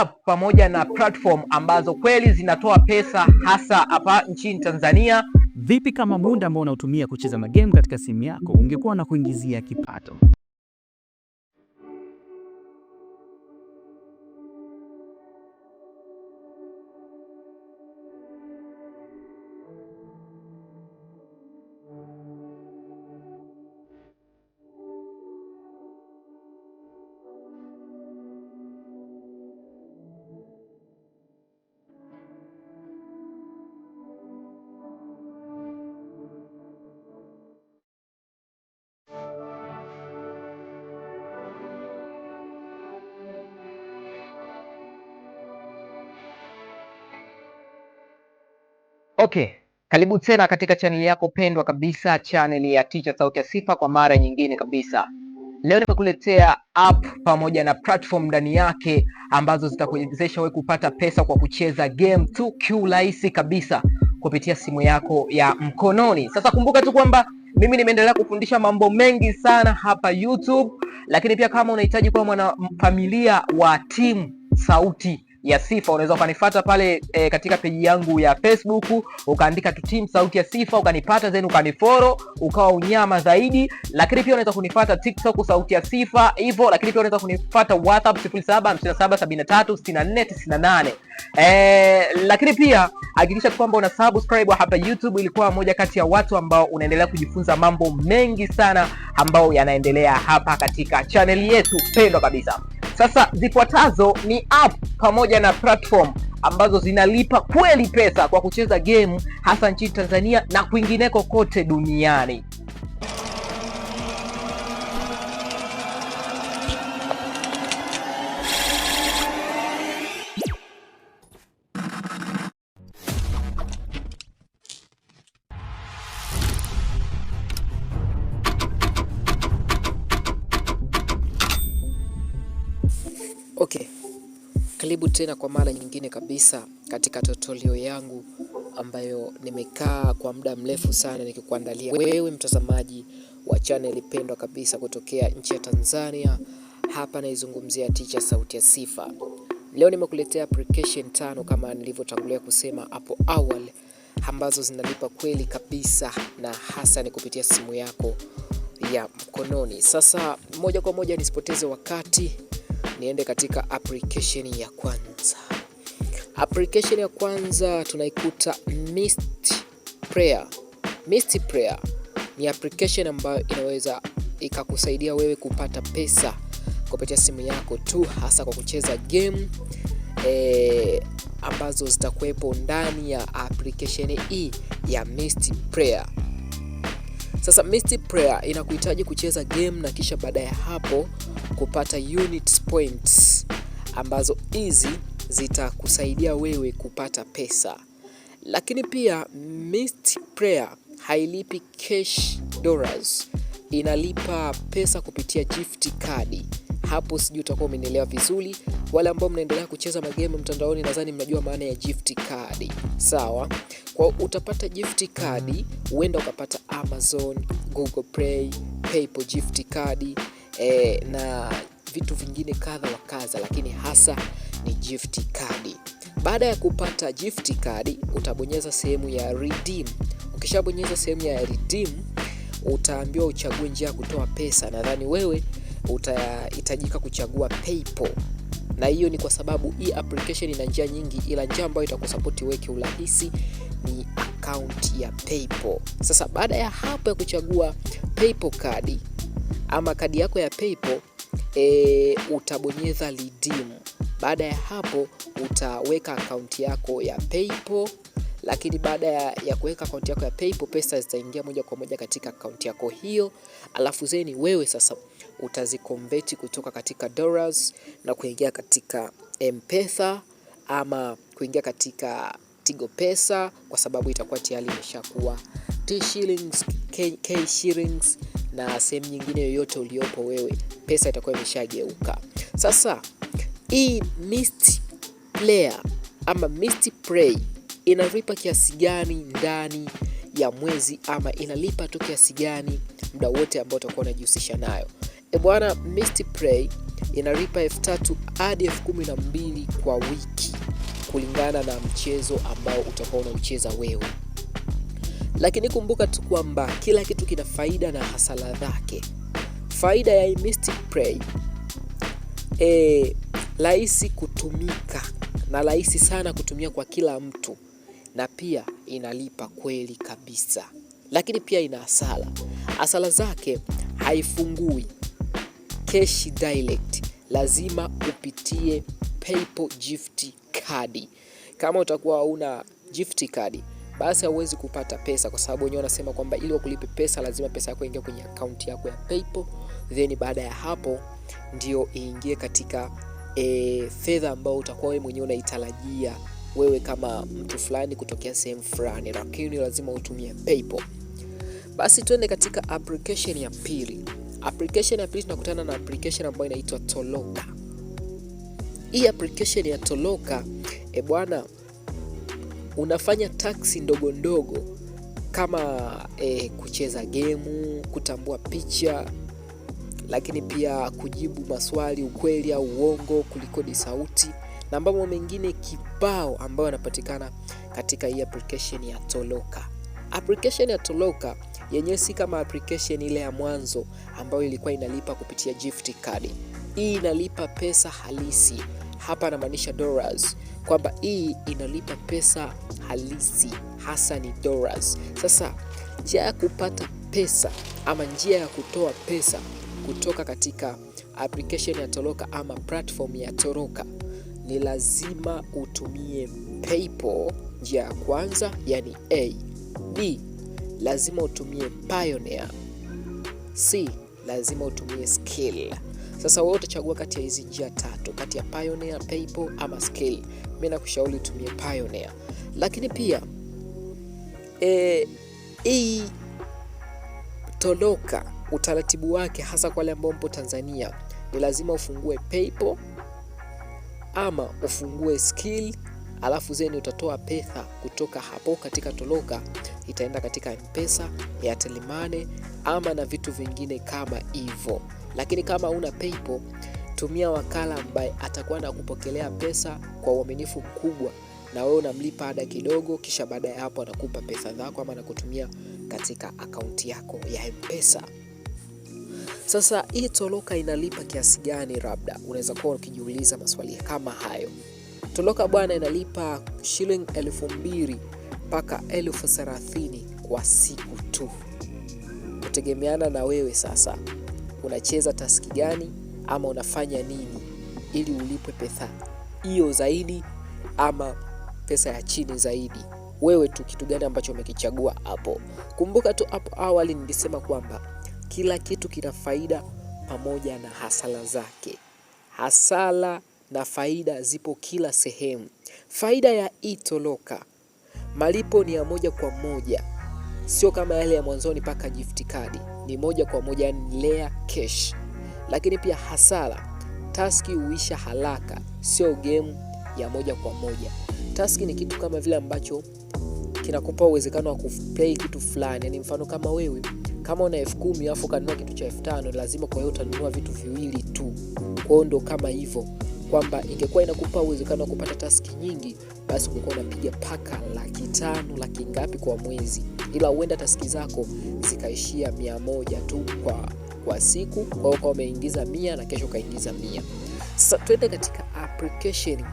app pamoja na platform ambazo kweli zinatoa pesa hasa hapa nchini Tanzania. Vipi kama muda ambao unaotumia kucheza magame katika simu yako ungekuwa na kuingizia kipato? Okay, karibu tena katika chaneli yako pendwa kabisa, chaneli ya Teacher Sauti ya Sifa. Kwa mara nyingine kabisa, leo nimekuletea app pamoja na platform ndani yake ambazo zitakuwezesha wewe kupata pesa kwa kucheza game tu kiurahisi kabisa kupitia simu yako ya mkononi. Sasa kumbuka tu kwamba mimi nimeendelea kufundisha mambo mengi sana hapa YouTube, lakini pia kama unahitaji kuwa mwanafamilia wa timu Sauti ya sifa. Unaweza ukanifuata pale e, katika peji yangu ya Facebook ukaandika tu Tim Sauti ya Sifa ukanipata, then ukanifollow ukawa unyama zaidi. Lakini pia unaweza kunifuata TikTok Sauti ya Sifa hivyo, lakini pia unaweza kunifuata WhatsApp 0757736498. Eh, lakini pia hakikisha kwamba una subscribe hapa YouTube, ilikuwa moja kati ya watu ambao unaendelea kujifunza mambo mengi sana ambayo yanaendelea hapa katika chaneli yetu pendwa kabisa. Sasa zifuatazo ni app pamoja na platform ambazo zinalipa kweli pesa kwa kucheza game hasa nchini Tanzania na kwingineko kote duniani. tena kwa mara nyingine kabisa katika totolio yangu ambayo nimekaa kwa muda mrefu sana nikikuandalia wewe mtazamaji wa chaneli pendwa kabisa kutokea nchi ya Tanzania. Hapa naizungumzia Teacher Sauti ya Sifa. Leo nimekuletea application tano kama nilivyotangulia kusema hapo awali, ambazo zinalipa kweli kabisa, na hasa ni kupitia simu yako ya mkononi. Sasa moja kwa moja nisipoteze wakati niende katika application ya kwanza. Application ya kwanza tunaikuta Mist Prayer. Mist Prayer ni application ambayo inaweza ikakusaidia wewe kupata pesa kupitia simu yako tu, hasa kwa kucheza game e, ambazo zitakuwepo ndani ya application hii ya Mist Prayer. Sasa Mystic Prayer inakuhitaji kucheza game na kisha baada ya hapo kupata unit points ambazo hizi zitakusaidia wewe kupata pesa, lakini pia Mystic Prayer hailipi cash dollars, inalipa pesa kupitia gift kadi hapo sijui utakuwa umenielewa vizuri. Wale ambao mnaendelea kucheza magemu mtandaoni, nadhani mnajua maana ya gift card, sawa? Kwa utapata gift card, huenda ukapata Amazon, Google Play, PayPal gift card e, na vitu vingine kadha wa kadha, lakini hasa ni gift card. Baada ya kupata gift card, utabonyeza sehemu ya redeem. Ukishabonyeza sehemu ya redeem, utaambiwa uchague njia ya kutoa pesa. Nadhani wewe utahitajika kuchagua PayPal, na hiyo ni kwa sababu hii application ina njia nyingi, ila njia ambayo itakusapoti wewe kiurahisi ni account ya PayPal. Sasa baada ya hapo ya kuchagua PayPal kadi ama kadi yako ya PayPal e, utabonyeza redeem. Baada ya hapo utaweka akaunti yako ya PayPal lakini baada ya, ya kuweka akaunti yako ya PayPal, pesa zitaingia moja kwa moja katika akaunti yako hiyo, alafu zeni wewe sasa utazikonveti kutoka katika dollars na kuingia katika M-Pesa ama kuingia katika Tigo Pesa kwa sababu itakuwa tayari imeshakuwa T shillings, K, K shillings na sehemu nyingine yoyote uliopo wewe, pesa itakuwa imeshageuka. Sasa hii Mist player ama Mist play inalipa kiasi gani ndani ya mwezi ama inalipa tu kiasi gani muda wote ambao utakuwa unajihusisha nayo. E bwana, Mistplay inalipa elfu tatu hadi elfu kumi na mbili kwa wiki kulingana na mchezo ambao utakuwa unaucheza wewe, lakini kumbuka tu kwamba kila kitu kina faida na hasara zake. Faida ya Mistplay e, eh, rahisi kutumika na rahisi sana kutumia kwa kila mtu na pia inalipa kweli kabisa, lakini pia ina asala. Asala zake haifungui cash direct, lazima upitie PayPal gift kadi. Kama utakuwa hauna gift kadi basi hauwezi kupata pesa, kwa sababu wenyewe wanasema kwamba ili wakulipe pesa lazima pesa yako ingie kwenye akaunti yako ya PayPal, then baada ya hapo ndio iingie katika e, fedha ambayo utakuwa wewe mwenyewe unaitarajia wewe kama mtu fulani kutokea sehemu fulani, lakini lazima utumie PayPal. Basi tuende katika application ya pili. Application ya pili tunakutana na application ambayo inaitwa Toloka. Hii application ya Toloka, e bwana, unafanya taksi ndogo ndogo kama e, kucheza gemu, kutambua picha lakini pia kujibu maswali ukweli au uongo, kulikodi sauti na mambo mengine kibao ambayo yanapatikana katika hii application ya Toloka. Application ya Toloka yenyewe si kama application ile ya mwanzo ambayo ilikuwa inalipa kupitia gift card. Hii inalipa pesa halisi, hapa anamaanisha dollars, kwamba hii inalipa pesa halisi hasa ni dollars. Sasa njia ya kupata pesa ama njia ya kutoa pesa kutoka katika application ya Toloka ama platform ya Toloka ni lazima utumie PayPal njia ya kwanza, yani A. B, lazima utumie Pioneer. C, lazima utumie Skill. Sasa wewe utachagua kati ya hizi njia tatu, kati ya Pioneer, PayPal ama Skill. Mimi nakushauri utumie Pioneer, lakini pia e, hii toloka utaratibu wake hasa kwa wale ambao mpo Tanzania ni lazima ufungue PayPal ama ufungue skill alafu zeni utatoa pesa kutoka hapo katika Toloka, itaenda katika Mpesa, ya telimane ama na vitu vingine kama hivyo. Lakini kama una PayPal, tumia wakala ambaye atakuwa na kupokelea pesa kwa uaminifu mkubwa, na wewe unamlipa ada kidogo, kisha baada ya hapo anakupa pesa zako ama anakutumia katika akaunti yako ya Mpesa. Sasa hii Toloka inalipa kiasi gani? Labda unaweza kuwa ukijiuliza maswali kama hayo. Toloka bwana inalipa shiling elfu mbili mpaka elfu thelathini kwa siku tu, kutegemeana na wewe sasa unacheza taski gani ama unafanya nini ili ulipwe pesa hiyo zaidi ama pesa ya chini zaidi. Wewe tu kitu gani ambacho umekichagua hapo? Kumbuka tu hapo awali nilisema kwamba kila kitu kina faida pamoja na hasara zake. Hasara na faida zipo kila sehemu. Faida ya itoloka, malipo ni ya moja kwa moja, sio kama yale ya mwanzoni mpaka gift card. Ni moja kwa moja, yani layer cash. Lakini pia hasara, taski huisha haraka, sio game ya moja kwa moja. Taski ni kitu kama vile ambacho kinakupa uwezekano wa kuplay kitu fulani, yani mfano kama wewe kama una elfu kumi afu ukanunua kitu cha elfu tano lazima, kwa hiyo utanunua vitu viwili tu. Kwa ndo kama hivyo kwamba ingekuwa inakupa uwezekano wa kupata taski nyingi, basi ungekuwa unapiga paka laki tano laki ngapi kwa mwezi, ila huenda taski zako zikaishia mia moja tu kwa, kwa siku. Kwa hiyo ukawa umeingiza mia na kesho ukaingiza mia. Sasa twende katika application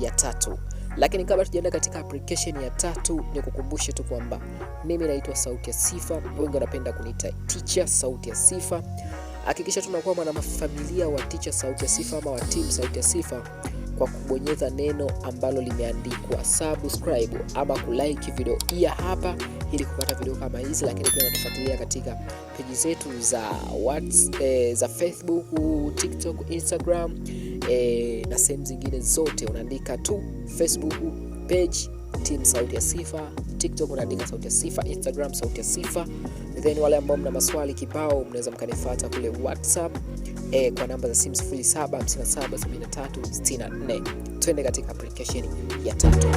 ya tatu. Lakini kabla tujaenda katika application ya tatu, ni kukumbushe tu kwamba mimi naitwa Sauti ya Sifa, wengi wanapenda kuniita Teacher Sauti ya Sifa. Hakikisha tunakuwa mwanafamilia wa Teacher Sauti ya Sifa ama wa team Sauti ya Sifa kwa kubonyeza neno ambalo limeandikwa subscribe ama kulike video hii hapa, ili kupata video kama hizi, lakini pia unatufuatilia katika peji zetu za WhatsApp, eh, za Facebook, TikTok, Instagram e, na sehemu zingine zote unaandika tu Facebook page Team Sauti ya Sifa, TikTok unaandika Sauti ya Sifa, Instagram Sauti ya Sifa. Then wale ambao mna maswali kibao, mnaweza mkanifuata kule WhatsApp e, kwa namba za simu 0757736464. Twende katika application ya tatu.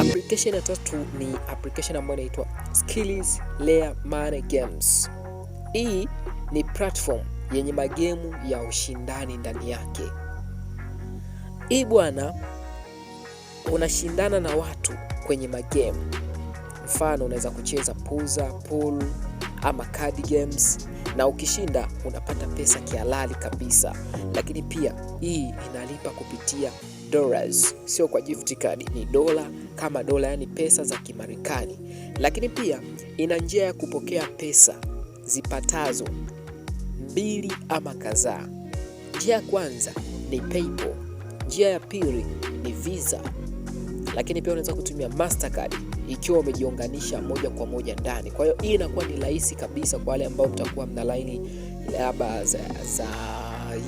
Application ya tatu ni application ambayo inaitwa Skillz Layer Money Games. Hii ni platform yenye magemu ya ushindani ndani yake. Hii bwana, unashindana na watu kwenye magemu. Mfano, unaweza kucheza puza, pool ama card games, na ukishinda unapata pesa kihalali kabisa. Lakini pia hii inalipa kupitia dollars, sio kwa gift card, ni dola kama dola, yani pesa za Kimarekani. Lakini pia ina njia ya kupokea pesa zipatazo mbili ama kadhaa. Njia ya kwanza ni PayPal, njia ya pili ni Visa, lakini pia unaweza kutumia Mastercard ikiwa umejiunganisha moja kwa moja ndani. Kwa hiyo hii inakuwa ni rahisi kabisa kwa wale ambao mtakuwa mna laini labda za, za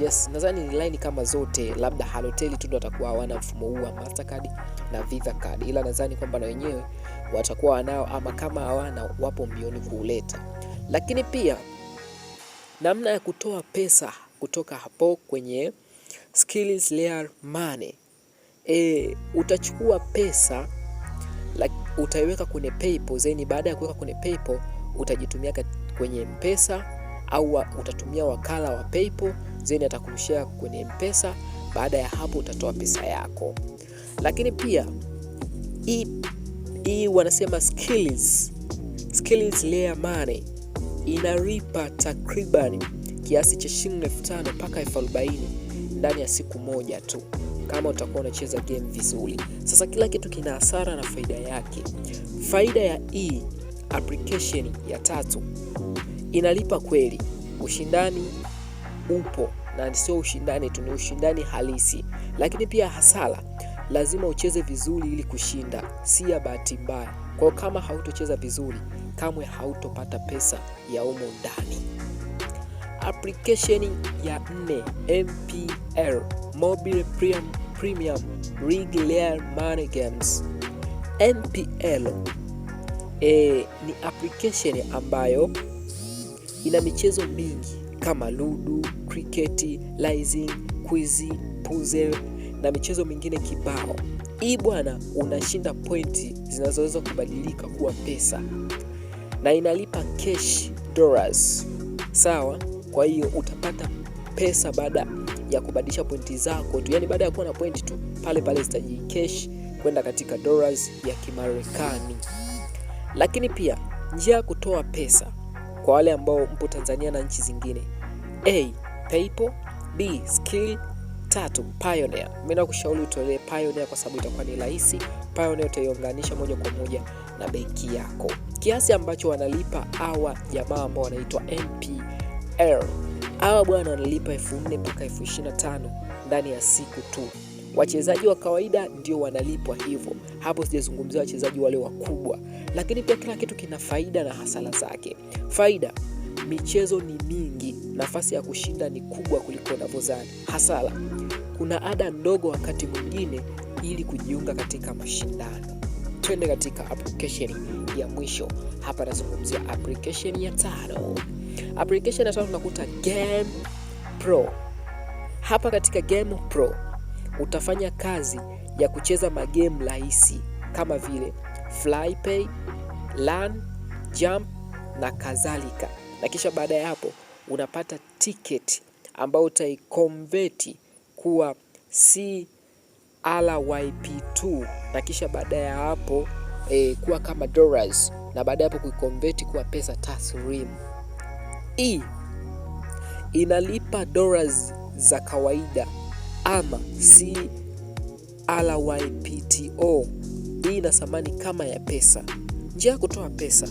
yes, nadhani ni laini kama zote, labda Halotel tu ndo watakuwa hawana mfumo huu wa Mastercard na Visa card, ila nadhani kwamba na wenyewe watakuwa wanao, ama kama hawana wapo mbioni kuuleta, lakini pia namna ya kutoa pesa kutoka hapo kwenye skills layer money. E, utachukua pesa like, utaiweka kwenye PayPal zeni. Baada ya kuweka kwenye PayPal utajitumia kwenye Mpesa au utatumia wakala wa PayPal zeni atakurushia kwenye Mpesa. Baada ya hapo utatoa pesa yako, lakini pia hii wanasema skills skills layer money inaripa takriban kiasi cha shilingi elfu tano mpaka elfu arobaini ndani ya siku moja tu kama utakuwa unacheza game vizuri. Sasa kila kitu kina hasara na faida yake. Faida ya e application ya tatu, inalipa kweli, ushindani upo na sio ushindani tu, ni ushindani halisi. Lakini pia hasara, lazima ucheze vizuri ili kushinda, si ya bahati mbaya. Kwa hiyo kama hautocheza vizuri kamwe hautopata pesa ya umo ndani. Application ya 4 MPL Mobile Premium Real Money Games. MPL e, ni application ambayo ina michezo mingi kama ludu, kriketi, rising, quizi, puzzle na michezo mingine kibao. Hii bwana, unashinda pointi zinazoweza kubadilika kuwa pesa na inalipa cash dollars, sawa. Kwa hiyo utapata pesa baada ya kubadilisha pointi zako tu, yani baada ya kuwa na pointi tu pale pale zitaji cash kwenda katika dollars ya Kimarekani. Lakini pia njia ya kutoa pesa kwa wale ambao mpo Tanzania na nchi zingine: A, PayPal; B, Skill; tatu, Pioneer. Mimi nakushauri utolee Pioneer kwa sababu itakuwa ni rahisi. Pioneer utaiunganisha moja kwa moja na benki yako. Kiasi ambacho wanalipa hawa jamaa ambao wanaitwa NPL, hawa bwana wanalipa elfu nne mpaka elfu ishirini na tano ndani ya siku tu. Wachezaji wa kawaida ndio wanalipwa hivyo, hapo sijazungumzia wachezaji wale wakubwa. Lakini pia kila kitu kina faida na hasara zake. Faida, michezo ni mingi, nafasi ya kushinda ni kubwa kuliko unavyozani. Hasara, kuna ada ndogo wakati mwingine ili kujiunga katika mashindano. Twende katika application ya mwisho hapa, nazungumzia application ya tano. Application ya tano tunakuta Game Pro. Hapa katika Game Pro utafanya kazi ya kucheza magame rahisi kama vile Flypay, Lan, Jump na kadhalika, na kisha baada ya hapo unapata tiketi ambayo utaikonveti kuwa si RYP2 na kisha baada ya hapo e, kuwa kama dollars na baada ya hapo kuikonveti kuwa pesa taslim. E, inalipa dollars za kawaida ama si RYPTO. Hii e ina thamani kama ya pesa. Njia ya kutoa pesa,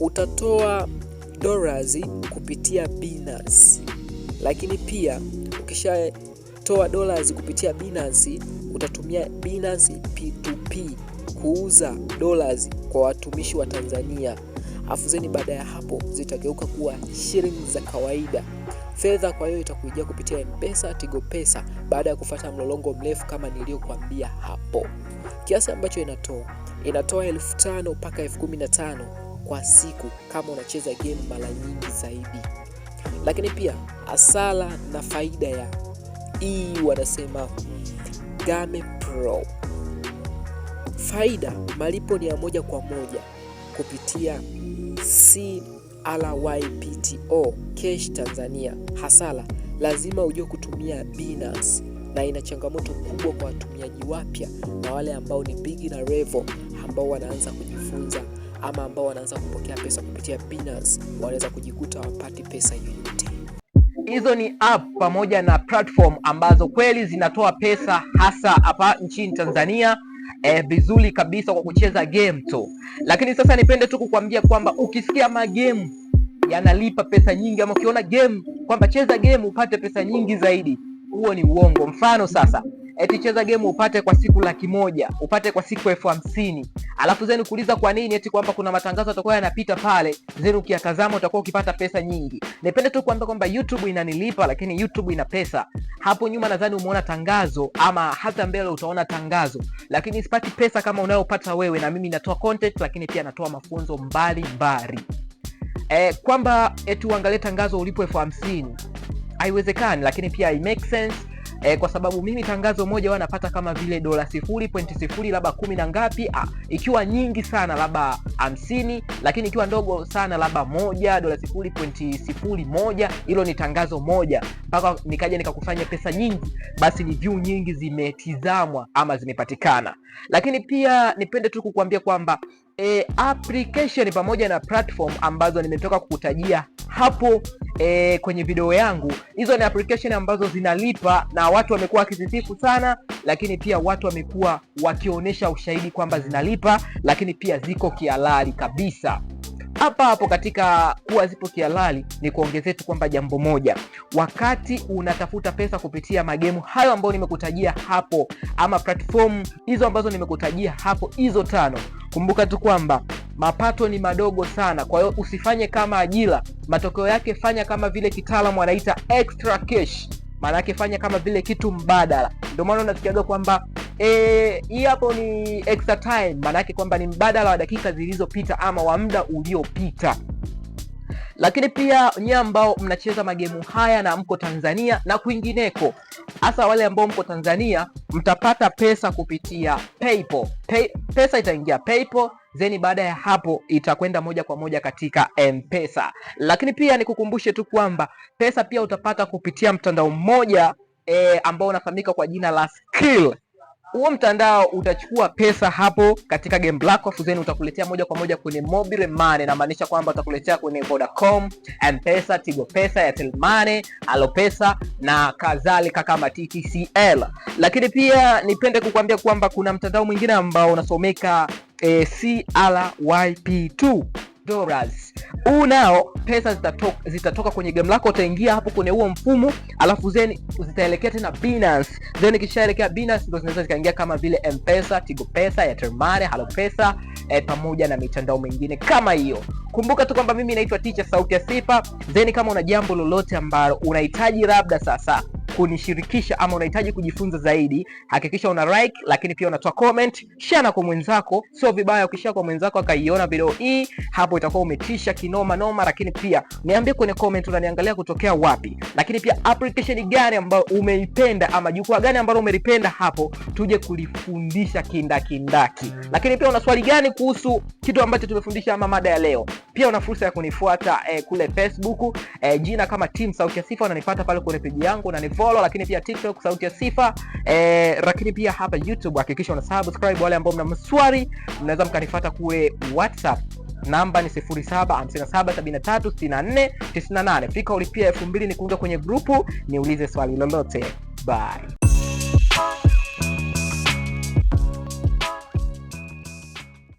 utatoa dollars kupitia Binance, lakini pia ukisha kutoa dollars kupitia Binance, utatumia Binance P2P kuuza dollars kwa watumishi wa Tanzania. Afu zeni baada ya hapo zitageuka kuwa shilingi za kawaida. Fedha kwa hiyo itakujia kupitia Mpesa, Tigo Pesa baada ya kufata mlolongo mrefu kama niliyokuambia hapo. Kiasi ambacho inatoa inatoa elfu tano mpaka elfu kumi na tano kwa siku kama unacheza game mara nyingi zaidi, lakini pia hasara na faida ya hii wanasema Game Pro. Faida, malipo ni ya moja kwa moja kupitia CRYPTO Cash Tanzania. Hasara, lazima ujue kutumia Binance na ina changamoto kubwa kwa watumiaji wapya na wale ambao ni na revo ambao wanaanza kujifunza ama ambao wanaanza kupokea pesa kupitia Binance, wanaweza kujikuta wapati pesa hiyo hizo ni app pamoja na platform ambazo kweli zinatoa pesa hasa hapa nchini Tanzania eh, vizuri kabisa kwa kucheza game tu. Lakini sasa nipende tu kukwambia kwamba ukisikia magemu yanalipa pesa nyingi ama ukiona game kwamba cheza game upate pesa nyingi zaidi, huo ni uongo. Mfano sasa eti cheza game upate kwa siku laki moja upate kwa siku elfu hamsini alafu zenu kuuliza kwa nini, eti kwamba kuna matangazo yatakuwa yanapita pale, zenu ukiyatazama utakuwa ukipata pesa nyingi. Nipende tu kuambia kwamba YouTube inanilipa, lakini YouTube ina pesa. Hapo nyuma nadhani umeona tangazo ama hata mbele utaona tangazo, lakini sipati pesa kama unayopata wewe, na mimi natoa content, lakini pia natoa mafunzo mbalimbali. Eh, kwamba eti uangalie tangazo ulipo elfu hamsini haiwezekani, lakini pia i make sense e, kwa sababu mimi tangazo moja napata kama vile dola sifuri pointi sifuri labda kumi na ngapi a, ah, ikiwa nyingi sana labda hamsini, lakini ikiwa ndogo sana labda moja dola sifuri pointi sifuri moja. Hilo ni tangazo moja, mpaka nikaja nikakusanya pesa nyingi, basi ni view nyingi zimetizamwa ama zimepatikana. Lakini pia nipende tu kukuambia kwamba e, application pamoja na platform ambazo nimetoka kukutajia hapo e, kwenye video yangu. Hizo ni application ambazo zinalipa na watu wamekuwa wakizisifu sana, lakini pia watu wamekuwa wakionyesha ushahidi kwamba zinalipa, lakini pia ziko kihalali kabisa. Hapa hapo katika kuwa zipo kihalali, ni kuongezea tu kwamba jambo moja, wakati unatafuta pesa kupitia magemu hayo ambayo nimekutajia hapo, ama platform hizo ambazo nimekutajia hapo, hizo tano Kumbuka tu kwamba mapato ni madogo sana, kwa hiyo usifanye kama ajira. Matokeo yake fanya kama vile kitaalamu anaita extra cash, maana yake fanya kama vile kitu mbadala. Ndio maana unasikiaga kwamba eh, hii hapo ni extra time, maana yake kwamba ni mbadala wa dakika zilizopita ama wa muda uliopita. Lakini pia nyie ambao mnacheza magemu haya na mko Tanzania na kwingineko, hasa wale ambao mko Tanzania mtapata pesa kupitia PayPal. Pay, pesa itaingia PayPal zeni baada ya hapo itakwenda moja kwa moja katika mpesa Lakini pia nikukumbushe tu kwamba pesa pia utapata kupitia mtandao mmoja e, ambao unafahamika kwa jina la skill huo mtandao utachukua pesa hapo katika game lako, afu utakuletea moja kwa moja kwenye mobile money. Namaanisha kwamba utakuletea kwenye Vodacom, Mpesa, Tigo Pesa, Airtel Money, Alopesa na kadhalika kama TTCL. Lakini pia nipende kukwambia kwamba kuna mtandao mwingine ambao unasomeka e, eh, CRYP2 dollars. Huu nao pesa zitatoka, zitatoka kwenye game lako, utaingia hapo kwenye huo mfumo, alafu then zitaelekea tena Binance, then ikishaelekea Binance ndio zinaweza zikaingia kama vile M-Pesa, Tigo Pesa, Airtel Money, Halo Pesa eh, pamoja na mitandao mingine kama hiyo. Kumbuka tu kwamba mimi naitwa Teacher Sauti ya Sifa, then kama una jambo lolote ambalo unahitaji labda sasa kunishirikisha ama unahitaji kujifunza zaidi, hakikisha una like, lakini pia unatoa comment, share na kwa mwenzako. Sio vibaya ukishare kwa mwenzako akaiona video hii, hapo itakuwa umetisha kinoma noma. Lakini pia niambie kwenye comment unaniangalia kutokea wapi, lakini pia application gani ambayo umeipenda ama jukwaa gani ambalo umelipenda, hapo tuje kulifundisha kindakindaki. Lakini pia una swali gani kuhusu kitu ambacho tumefundisha ama mada ya leo? Pia una fursa ya kunifuata eh, kule Facebook eh, jina kama Team Sauti ya Sifa, unanipata pale kwenye peji yangu na follow, lakini pia TikTok sauti ya sifa eh, lakini pia hapa YouTube hakikisha una subscribe. Wale ambao mna maswali mnaweza mkanifuata kule WhatsApp namba ni 0757736498. Fika ulipia 2000 kuunga kwenye grupu niulize swali lolote. Bye.